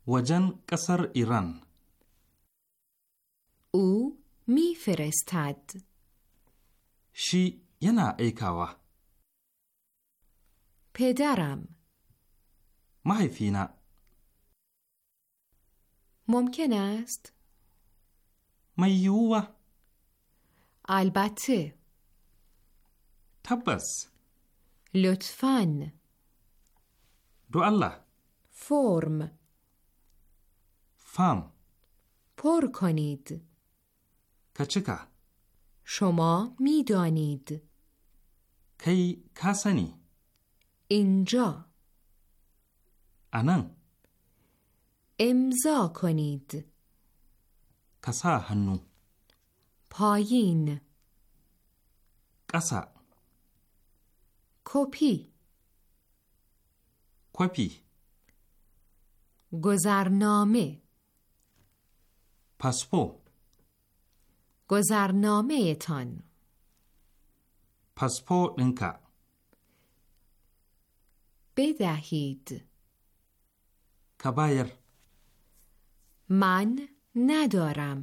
وجن قصر ایران او میفرستد شی ینا ایکاوا پدرم mahaifina ممکن است mai البته تبس. لطفاً دو الله فرم فام پر کنید کچکا شما میدانید کی کسنی اینجا انن امضا کنید کسا هنو پایین کسا کپی کپی گذرنامه پاسپو گذرنامه تان پاسپورت بدهید ka bayar man nadaram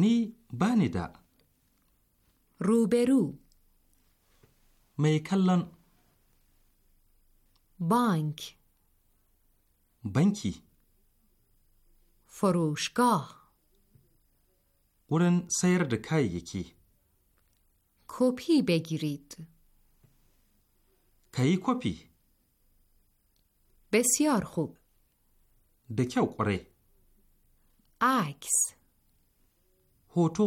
ni bani da روبرو mai kallon بانک بانکی فروشگاه ورن سیر دکای یکی کپی بگیرید کی کپی بسیار خوب د کیو قره عکس هوتو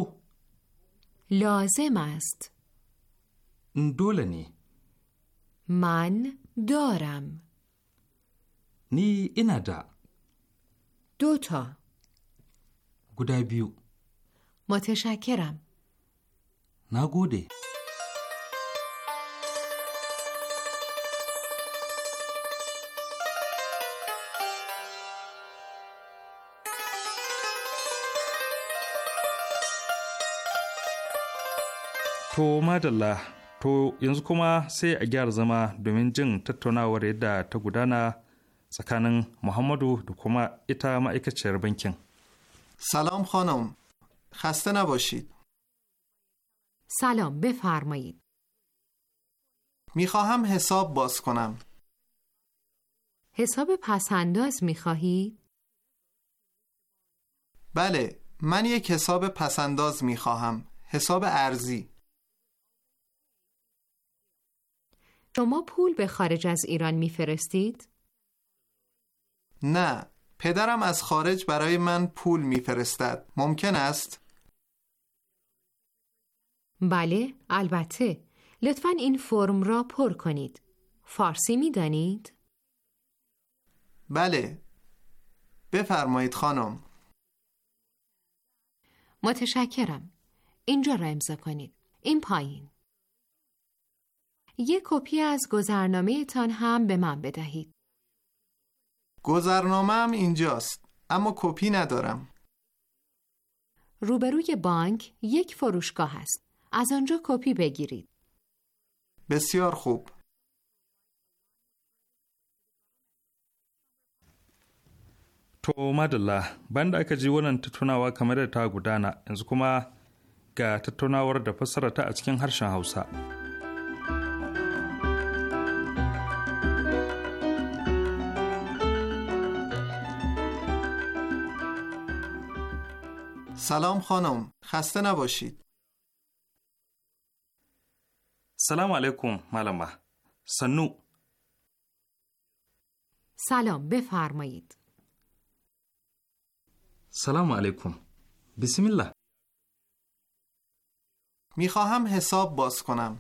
لازم است دولنی من دارم نی اینه دا دوتا گودا بیو متشکرم نگوده To madalla to yanzu kuma sai a gyara zama domin jin tattaunawar yadda ta gudana tsakanin Muhammadu da kuma ita ma'aikaciyar bankin. Salam khanam, khasta na bashid. Salam, befarmayin. Mi khaham hesab bas konam. Hesab pasandaz mi khahi? Bale, man yek hesab pasandaz mi khaham. Hesab arzi. arzi. شما پول به خارج از ایران میفرستید؟ نه، پدرم از خارج برای من پول میفرستد. ممکن است؟ بله، البته. لطفا این فرم را پر کنید. فارسی می دانید؟ بله. بفرمایید خانم. متشکرم. اینجا را امضا کنید. این پایین. یک کپی از گذرنامه تان هم به من بدهید. گذرنامه هم اینجاست اما کپی ندارم. روبروی بانک یک فروشگاه است. از آنجا کپی بگیرید. بسیار خوب. تو madalla banda aka ji wannan tattaunawa kamar da ta gudana yanzu kuma ga tattaunawar da fassara ta a cikin harshen Hausa. سلام خانم خسته نباشید سلام علیکم ملما سنو سلام بفرمایید سلام علیکم بسم الله میخواهم حساب باز کنم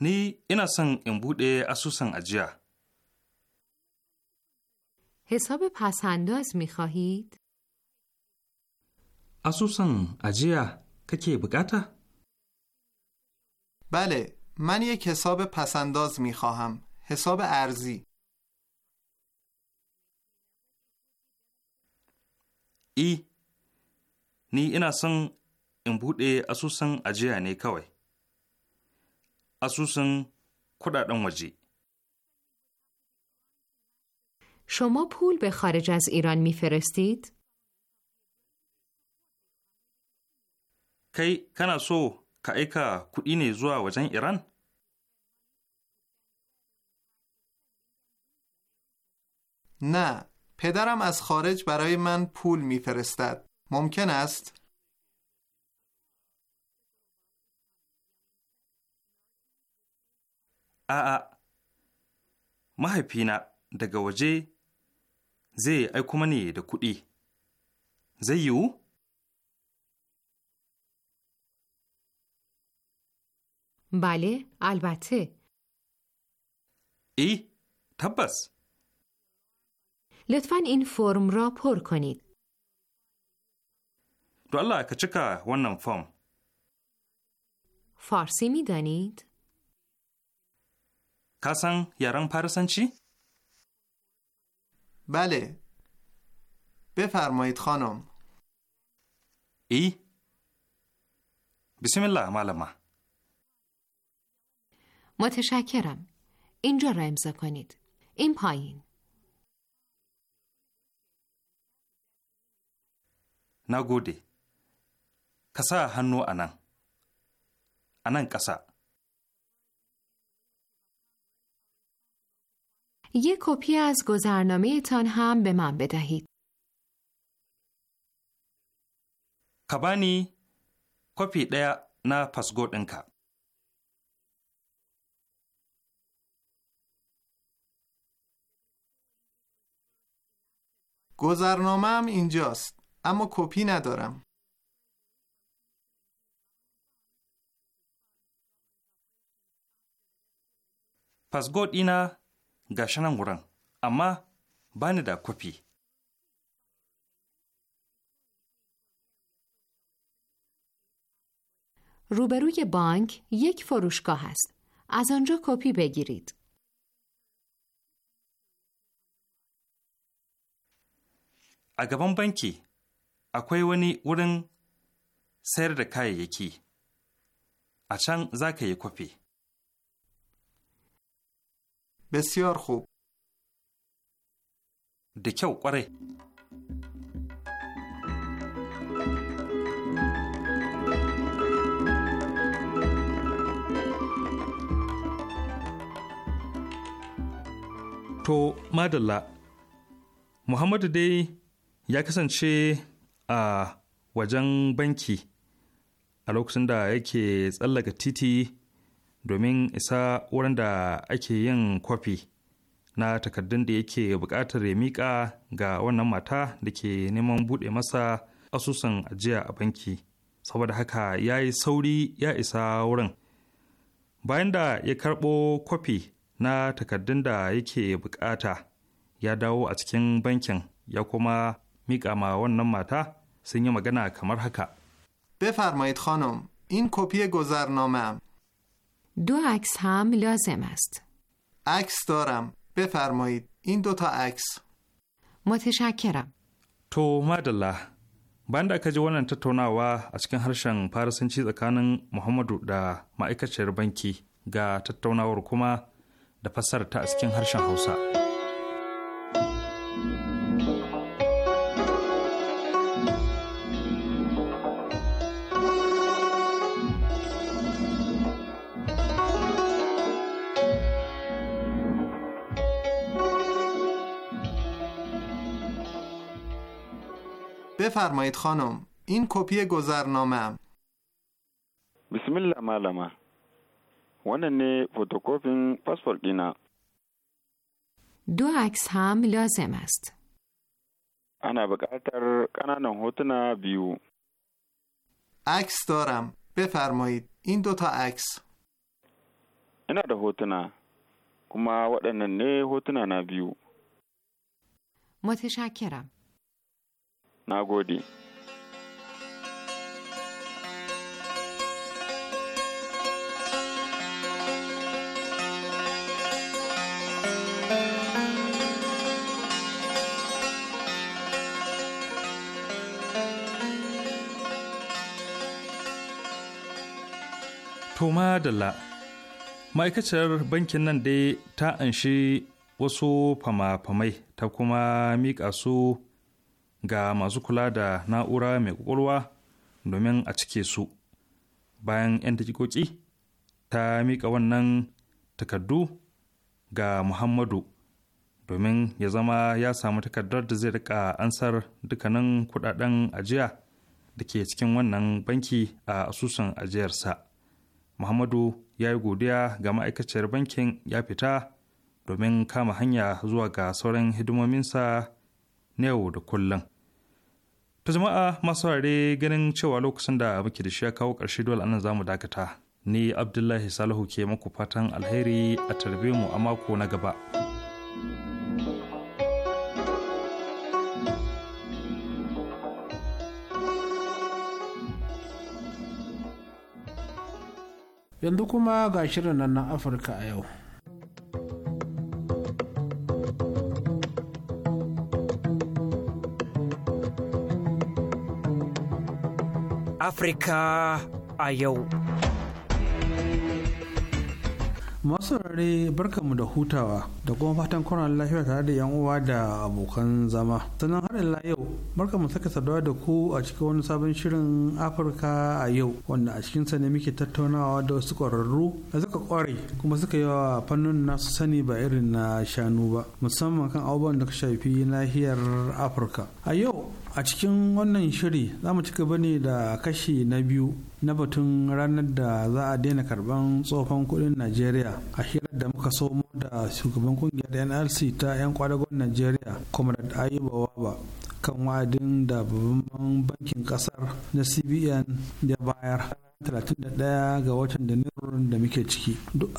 نی اینا سن این بوده اسوسن اجیا حساب پسنداز میخواهید؟ asusun ajiya kake bukata؟ بله من یک حساب پسنداز می خواهم حساب ارزی ای نی اینا سن in buɗe asusun اجیه نی kawai. Asusun وجی شما پول به خارج از ایران میفرستید؟ kai kana so ka aika kuɗi ne zuwa wajen Iran? Na, pedaram az kharaj baraye man pul miferestad. Mumkin ast? aa a. Mahaifina daga waje zai aika ne da kuɗi. Zai yi بله البته ای تبس لطفا این فرم را پر کنید دو الله ونم فرم فارسی می دانید؟ کسان یاران پرسن چی؟ بله بفرمایید خانم ای بسم الله مالما متشکرم. اینجا را امضا کنید. این پایین. نگودی. کسا هنو انان. انان کسا. یک کپی از گذرنامه تان هم به من بدهید. کبانی کپی دیا نا پاسپورت انکا. گذرنامه هم اینجاست اما کپی ندارم پس گود اینا گشنم گرن اما بانی دا کپی روبروی بانک یک فروشگاه است. از آنجا کپی بگیرید. A gaban banki akwai wani wurin sayar da kayayyaki. A can za ka yi kwafi. بسیار خوب da kyau kwarai to madalla muhammadu dai ya kasance a wajen banki a lokacin da yake tsallaka titi domin isa wurin da ake yin kwafi na takardun da yake buƙatar ya miƙa ga wannan mata da ke neman buɗe masa asusun ajiya a banki saboda haka ya yi sauri ya isa wurin bayan da ya karɓo kwafi na takardun da yake buƙata ya dawo a cikin bankin ya kuma Mika ma wannan mata sun yi magana kamar haka. بفرمایید خانم این کپی گذرنامه‌ام دو عکس هم لازم است عکس دارم بفرمایید این دو تا عکس متشکرم تو مدلا bayan da aka ji wannan tattaunawa a cikin harshen Faransanci tsakanin muhammadu da ma'aikaciyar banki ga tattaunawar kuma da fassarta a cikin harshen hausa. بفرمایید خانم این کپی گذرنامه‌ام بسم الله معلمه وانه نی پاسپورت fasfor ɗina. دو عکس هم لازم است. انا بکاتر کنان هوتنا بیو. عکس دارم. بفرمایید. این دوتا عکس. اینا دو هوتنا. کما waɗannan نه هوتنا نا بیو متشکرم. Na gode. Toma Dalla Ma'aikaciyar bankin nan dai ta anshi wasu fama-famai ta kuma miƙa su ga masu kula da na'ura mai kwakwalwa domin a cike su bayan 'yan dakikoki ta miƙa wannan takardu ga muhammadu domin ya zama ya samu takardar da zai rika ansar dukkanin kudaden ajiya da ke cikin wannan banki a asusun ajiyarsa muhammadu ya yi godiya ga ma'aikaciyar bankin ya fita domin kama hanya zuwa ga sauran hidimominsa na yau da kullum. Ta jama'a masu ware ganin cewa lokacin da muke da shi ya kawo ƙarshe dole anan zamu dakata. Ni Abdullahi Salihu ke muku fatan alheri a tarbe mu a mako na gaba. Yanzu kuma ga shirin nan na Afirka a yau. Afirka a yau. Masu rare barkanmu da hutawa da kuma fatan kwanan lafiya tare da yan uwa da abokan zama. Sannan har ila yau barkanmu saka saduwa da ku a cikin wani sabon shirin Afirka a yau wanda a cikinsa ne muke tattaunawa da wasu ƙwararru da suka ƙware kuma suka yi wa fannin nasu sani ba irin na shanu ba musamman kan abubuwan da ka shafi nahiyar Afirka. A yau a cikin wannan shiri za mu ci gaba ne da kashi na biyu na batun ranar da za a daina karban tsofan kudin najeriya a hirar da muka somo da shugaban kungiyar nlc ta 'yan kwadagon najeriya comrade ayuba waba kan wa'adin da babban bankin kasar na cbn ya bayar 31 ga watan da da muke ciki duk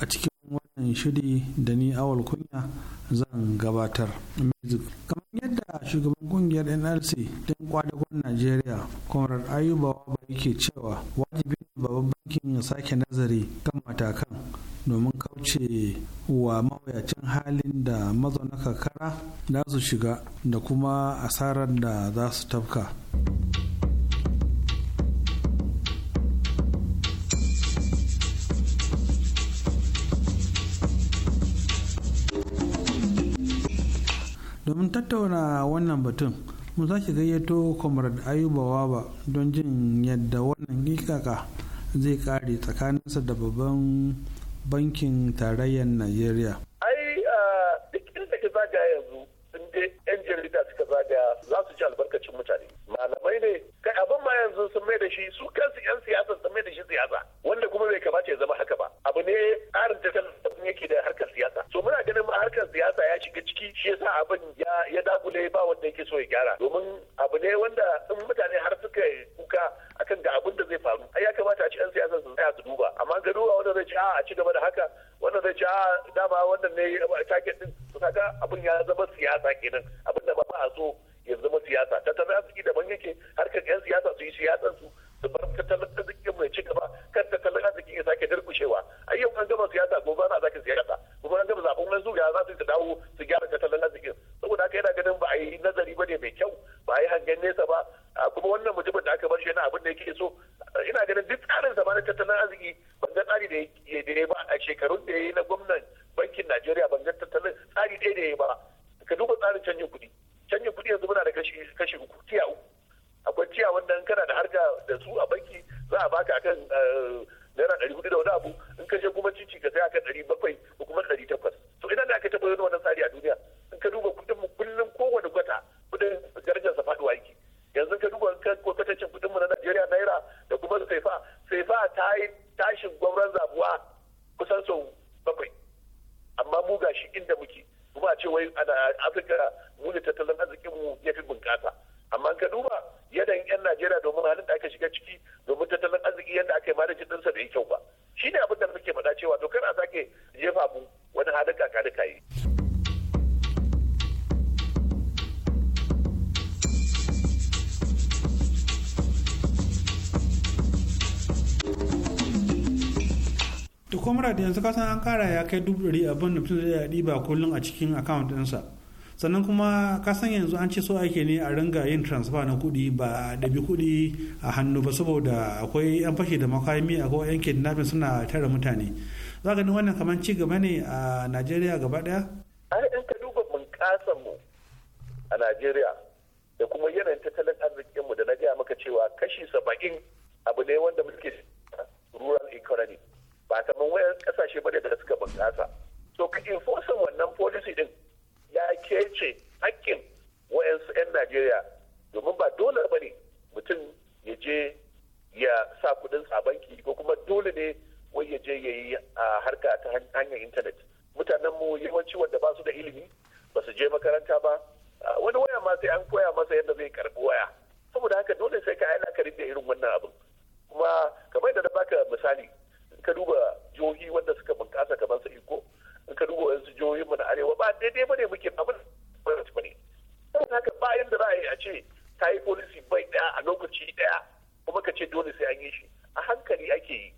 shiri da ni awal kunya zan gabatar kamar yadda shugaban kungiyar nlc don kwadagon najeriya comrade ayubawa ba yake cewa wajibi ne babban bankin ya sake nazari kan matakan domin kauce wa mawuyacin halin da mazauna kakara za su shiga da kuma asarar da za su tafka domin tattauna wannan batun mu sake gayyato comrade ayuba waba don jin yadda wannan gikaka zai kare tsakaninsa da babban bankin tarayyar najeriya ai duk inda ka zagaya yanzu sun je yan jarida suka zagaya za su ci albarkacin mutane malamai ne kai abin ma yanzu sun mai da shi su kansu yan siyasa sun mai da shi siyasa wanda kuma bai kamata ya zama haka ba abu ne tsarin tattalin da harkar siyasa so muna ganin ma harkar siyasa ya shiga ciki shi yasa abin ya ya ba wanda yake so ya gyara domin abu ne wanda in mutane har suka kuka akan ga abin da zai faru ai ya kamata a ci yan siyasa su tsaya su duba amma ga duba wanda zai ci a ci gaba da haka wanda zai ci a dama wannan ne target din to kaga abin ya zama siyasa kenan abin da ba a so ya zama siyasa tattalin arziki daban yake harkar yan siyasa su yi siyasar su da bar tattalin arzikin mai ci gaba kan tattalin arzikin ya sake durkushewa a yau an gama siyasa gobe ana sake siyasa gobe an gama zaɓen wani zuwa za su ta dawo su gyara tattalin arzikin saboda haka yana ganin ba a yi nazari ba ne mai kyau ba a yi hangen nesa ba kuma wannan mutumin da aka bar shi yana abin da yake so ina ganin duk tsarin sa na tattalin arziki ban ga tsari da ya ba a shekarun da ya yi na gwamnan bankin Najeriya ban ga tattalin tsari ɗaya da ya yi ba ka duba tsarin canjin kuɗi canjin kuɗi yanzu muna da kashi kashi uku tiya uku akwai ciya wanda in kana da harka da su a banki za a baka akan eh, naira ɗari hudu da wani abu in ka je kuma cici ka sai akan ɗari bakwai ko kuma ɗari takwas to idan da aka taɓa yin wannan tsari a duniya in ka duba kuɗin mu kullum kowane gwata kuɗin sa faɗuwa yake yanzu ka duba kwatancin kuɗin mu na Najeriya naira da kuma saifa saifa ta yi tashin gwamnan zabuwa kusan sau bakwai amma mu gashi inda muke kuma a ce wai a afirka mu ne tattalin arzikin mu ya fi bunƙasa amma ka duba yadan 'yan najeriya domin halin da aka shiga ciki domin tattalin arziki yadda aka yi manaji ɗinsa yi kyau ba shi ne abin da muke faɗa cewa to kana sake jefa mu wani halin kaka da kayi. da da yanzu kasan an kara ya kai dubu ɗari abin da mutum zai ɗiba kullum a cikin akawunt ɗinsa sannan kuma kasan yanzu an ce so ake ne a ringa yin transfer na kuɗi ba a ɗabi kuɗi a hannu ba saboda akwai 'yan fashe da makami akwai 'yan kidnapping suna tara mutane za ka wannan kamar ci gaba ne a najeriya gaba ɗaya? ai in ka duba bunƙasan mu a najeriya da kuma yanayin tattalin arzikin mu da na gaya maka cewa kashi saba'in abu ne wanda muke rural economy ba kamar wayan kasashe bane da suka bunƙasa so ka enforce wannan policy din ya kece hakkin wa'yansu 'yan najeriya domin ba dole ba ne mutum ya je ya sa kudin a banki ko kuma dole ne wai ya je ya yi harka ta hanyar intanet mutanen mutanenmu yawanci wanda ba su da ilimi ba su je makaranta ba wani waya ma sai an koya masa yadda zai karbi waya saboda haka dole sai ka yi la'akari da irin wannan abin kuma kamar yadda na baka misali ka duba jihohi wanda suka bunkasa kamar su iko ka duba yanzu jihohin mu na arewa ba daidai bane muke abin gwamnati bane da haka ba yanda za a yi a ce ta yi policy bai daya a lokaci daya kuma ka ce dole sai an yi shi a hankali ake yi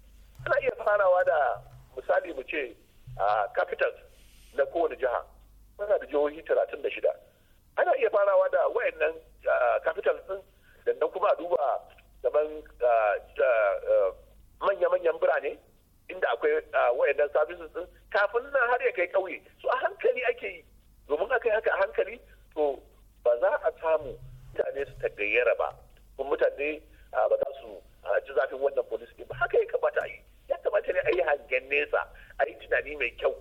ana iya farawa da misali mu ce capital na kowane jiha muna da jihohi talatin da shida ana iya farawa da wayannan capital din da kuma a duba daban manya-manyan birane inda akwai ah, wayannan services din kafin nan har ya kai ƙauye su a hankali ake yi domin aka yi haka a hankali to ba za a samu mutane su tagayyara ba kuma mutane ah, ba za su ah, ji zafin wannan police ba haka ya kamata a yi ya kamata ne a yi hangen nesa a yi tunani mai kyau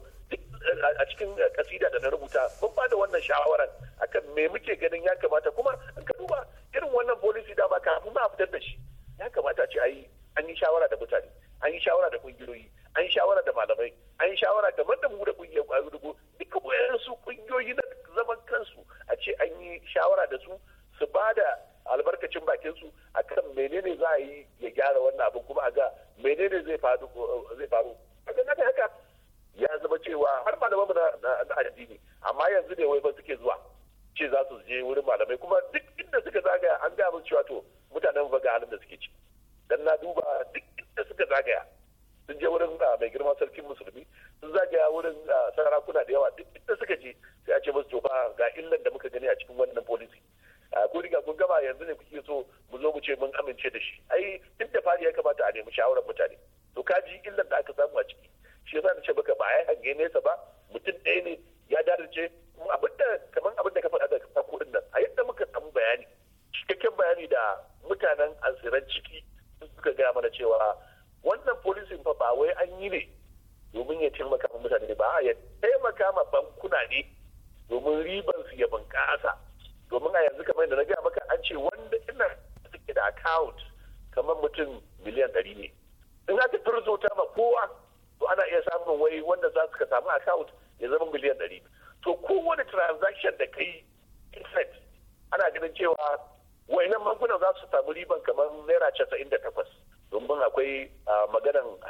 a cikin kasida da na rubuta mun ba da wannan shawarar akan me muke ganin ya kamata kuma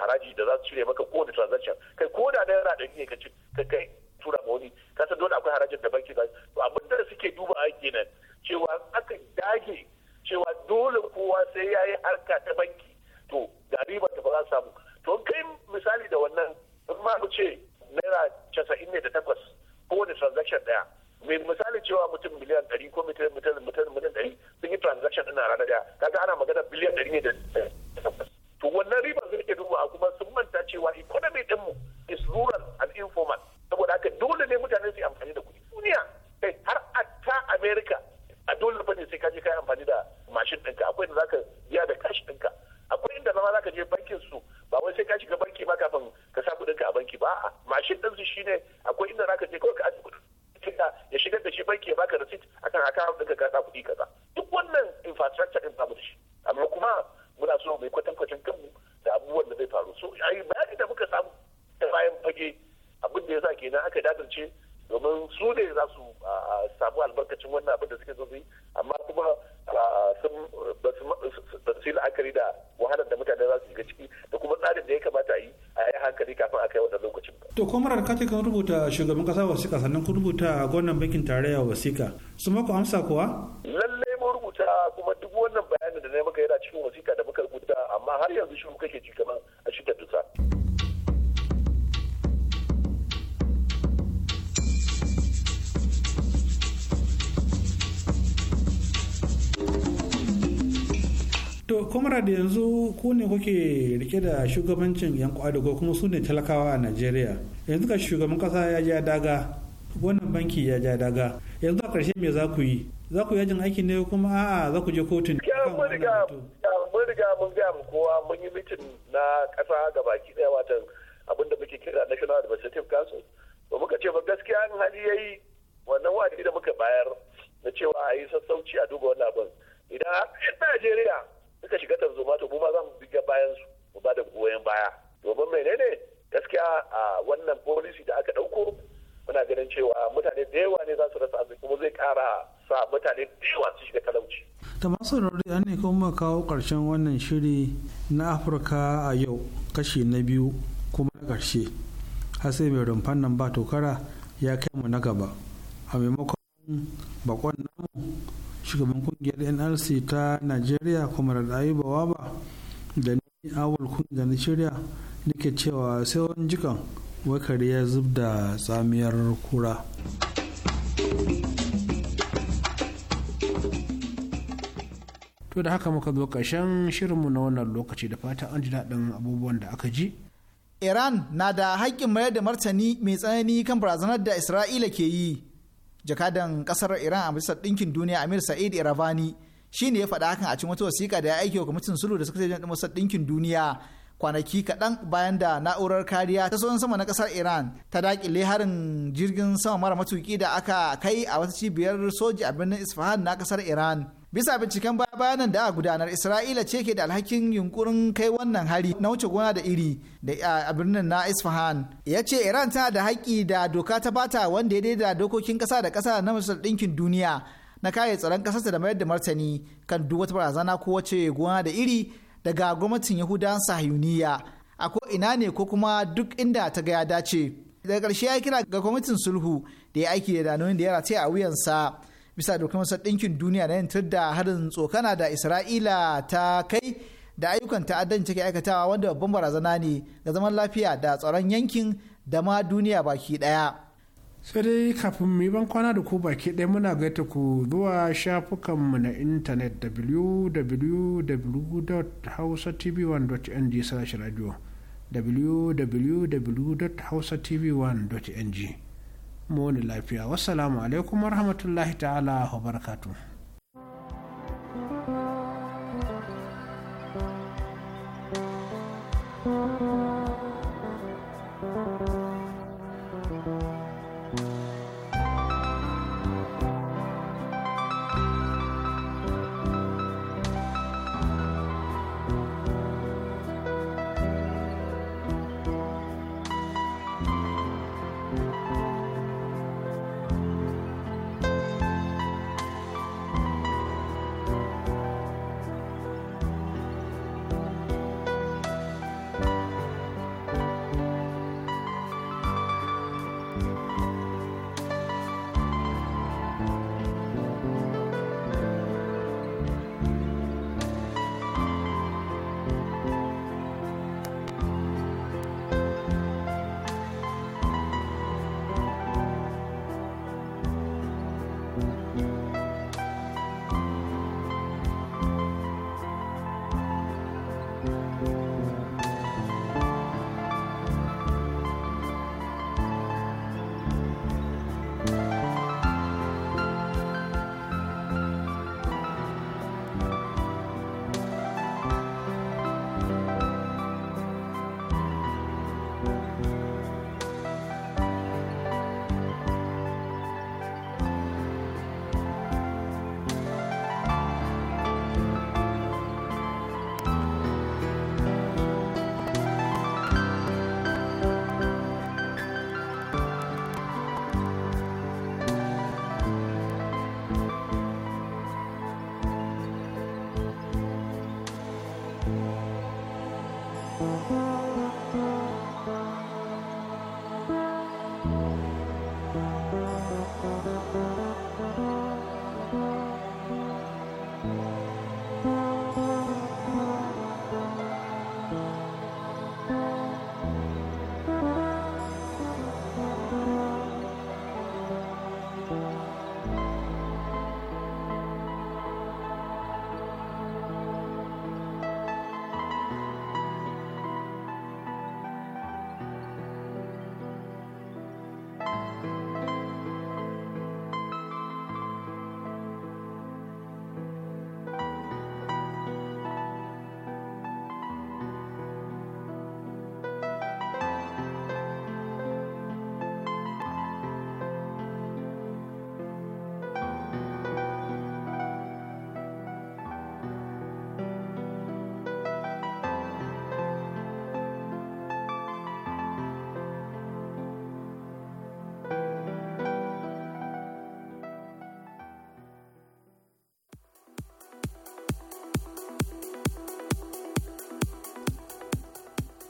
haraji da za su cire maka kowane transaction kai ko da naira ɗari ne ka ci ka kai tura ma wani ka san dole akwai harajin da banki za to abin da suke duba a kenan cewa aka dage cewa dole kowa sai ya yi harka ta banki to da riba ta ba za samu to kai misali da wannan in ma mu ce naira casa'in ne da takwas kowane transaction ɗaya mai misali cewa mutum miliyan ɗari ko mutum miliyan ɗari sun yi transaction ɗin a rana ɗaya kaga ana magana biliyan ɗari ne da takwas to wannan riba zai ke dubawa kuma sun manta cewa economy dinmu is rural and informal saboda haka dole ne mutane su amfani da kuɗi duniya kai har a ta america a dole bane sai ka je yi amfani da mashin ɗinka akwai inda zaka biya da kashi ɗinka akwai inda zama zaka je bankin su ba wai sai ka shiga banki ba kafin ka sa kuɗinka a banki ba a'a mashin ɗin su shine akwai inda zaka je kawai ka ajiye kuɗin ya shigar da shi banki ya baka receipt akan account ɗinka ka sa kuɗi kaza duk wannan infrastructure ɗin babu da shi amma kuma muna so mai kwatankwacin kanmu da abubuwan da zai faru so yi bayani da muka samu da bayan fage abin da ya sa kenan aka dadance domin su ne za su samu albarkacin wannan abin da suke zo yi amma kuma ba su yi la'akari da wahalar da mutane za su shiga ciki da kuma tsarin da ya kamata a yi a yi hankali kafin a kai wannan lokacin. to kwamarar ce kan rubuta shugaban kasa wasiƙa sannan ku rubuta gwamnan bankin tarayya wasika su ku amsa kuwa. lalle mun rubuta kuma duk wannan bayanin da na maka yana cikin wasiƙa da muka rubuta amma har yanzu shiru kake ji kamar a shi dusa. To, comrade yanzu ku ne kuke rike da shugabancin 'yan kwadago kuma su ne talakawa a Najeriya. Yanzu ka shugaban kasa ya ja daga, wannan banki ya ja daga. Yanzu a ƙarshe me za ku yi? za ku yajin aiki ne kuma a'a za ku je kotun mun riga mun riga mun gaya mu kowa mun yi mitin na kasa ga baki daya watan da muke kira national administrative council to muka ce ba gaskiya an hali yayi wannan wani da muka bayar na cewa a yi sassauci a duba wannan abin idan yan Najeriya suka shiga tarzoma to mu ma za mu biga bayan su mu ba da goyon baya domin menene gaskiya a wannan policy da aka dauko muna ganin cewa mutane da yawa ne za su rasa arziki kuma zai kara sa mutane da yawa su shiga talauci. ta masu rauri an ne kuma kawo karshen wannan shiri na afirka a yau kashi na biyu kuma na karshe har sai mai rumfan nan ba tokara ya kai mu na gaba a maimakon bakon namu shugaban kungiyar nlc ta nigeria kuma da bawa ba da ni awul kungiyar na shirya nake cewa sai wani jikan wakar ya zub da tsamiyar kura to da haka muka zo ƙarshen shirinmu na wannan lokaci da fata an ji daɗin abubuwan da aka ji iran na da haƙƙin mayar da martani mai tsanani kan barazanar da isra'ila ke yi jakadan ƙasar iran a bisa ɗinkin duniya amir sa'id iravani shine ya faɗa hakan a cikin wata wasiƙa da ya aike wa kwamitin sulhu da sakataren ɗinkin duniya kwanaki kaɗan bayan da na'urar kariya ta sojan sama na ƙasar iran ta daƙile harin jirgin sama mara matuki da aka kai a wata cibiyar soji a birnin isfahan na ƙasar iran bisa binciken bayanan da a gudanar isra'ila ce ke da alhakin yunkurin kai wannan hari na wuce gona da iri da a birnin na isfahan ya ce iran tana da haƙƙi da doka ta bata wanda ya daida dokokin ƙasa da ƙasa na majalisar ɗinkin duniya na kare tsaron ƙasarsa da mayar da martani kan duk wata barazana ko wace gona da iri daga gwamnatin yahudan sahiyuniya a ko ina ne ko kuma duk inda ta ga ya dace daga ƙarshe ya kira ga gwamnatin sulhu da ya aiki da danonin da ya rataya a wuyansa bisa dokar masar ɗinkin duniya na yantar da harin tsokana da isra'ila ta kai da ayyukan ta'addan take aikatawa wanda babban barazana ne ga zaman lafiya da tsaron yankin da ma duniya baki ɗaya. sai dai kafin mu yi kwana da ku baki ɗaya muna gaita ku zuwa shafukanmu na intanet www.hausatv1.ng slash radio www.hausatv1.ng mu wani lafiya wassalamu alaikum warahmatullahi ta'ala wa barakatu.